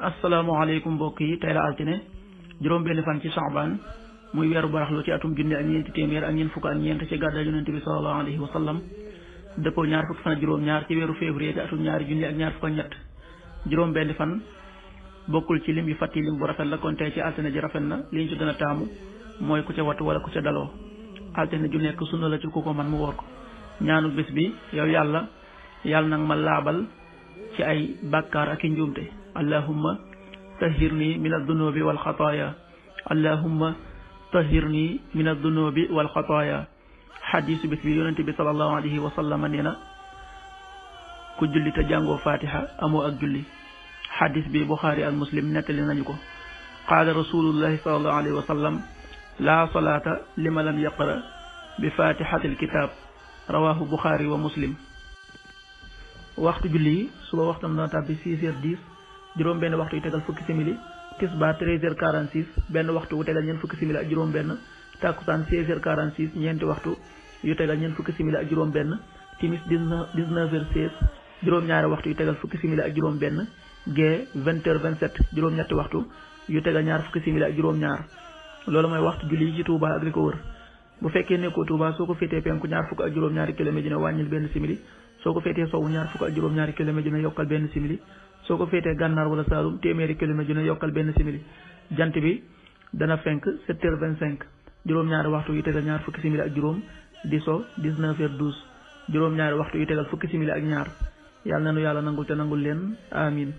asalaamaaleykum mbokk yi tey la altine juróom benn fan ci Saabaan muy weeru baraxlu ci atum junne ak ñeenti téeméer ak ñeent fukk ak ñeent ci gàddaa yonente bi sallallahu alayhi wa sallam dëppoo ñaar fukki fan ak juróom-ñaar ci weeru février ci atum ñaari junne ak ñaar fukk ak ñett juróom benn fan bokkul ci lim yu fàtti lim bu rafet la kon tey ci altine ji rafet na li ñu ci taamu mooy ku ca wattu wala ku ca daloo altine ju nekk sunna la ci ko man mu woor ñaanu bés bi yow yàlla yàlla nag ma laabal ci ay bàkkaar i njuumte allahumma tahirni min addunubi wal xataaya allahumma tahirni min addunubi wal xataaya xadiisu bis bi yonente bi sallallahu alayhi wa sallam nee na ku julli te jàngoo fatiha amoo ak julli xadis bi buxaari ak muslim nettali nañu ko qaala rasulullahi sallallahu alayhi wa sallam laa salaata lima lam yaqra bi fatihatil kitaab rawaahu buxaari wa muslim waxtu julli suba waxtam dana tàbbi six heures dix juróom benn waxtu yu tegal fukki simili tisbaar 13h46 benn waxtu wu tegal ñeent fukki simili ak juróom benn takkusaan 16h46 ñeenti waxtu yu tegal ñeent fukki simili ak juróom benn timis 19h16 ñaari waxtu yu tegal fukki simili ak juróom benn gee 20h27 juróom ñetti waxtu yu tegal ñaar fukki simili ak juróom ñaar loolu mooy waxtu julli ci Touba ak li ko wër bu fekkee nekkoo Touba soo ko féetee penku ñaar fukk ak juróom-ñaari kilomètre dina wàññil benn simili soo ko féetee sowwu ñaar fukk ak soo ko féetee gànnaar wala saalum téeméeri kilomètre ju ne yokkal benn simili jant bi dana fenk sept vingt cinq juróom-ñaari waxtu yi tegal ñaar fukki simili ak juróom di so dix neuf heures douze juróom-ñaari waxtu yu tegal fukki simili ak ñaar yàlla na nu yàlla nangul te nangul leen amin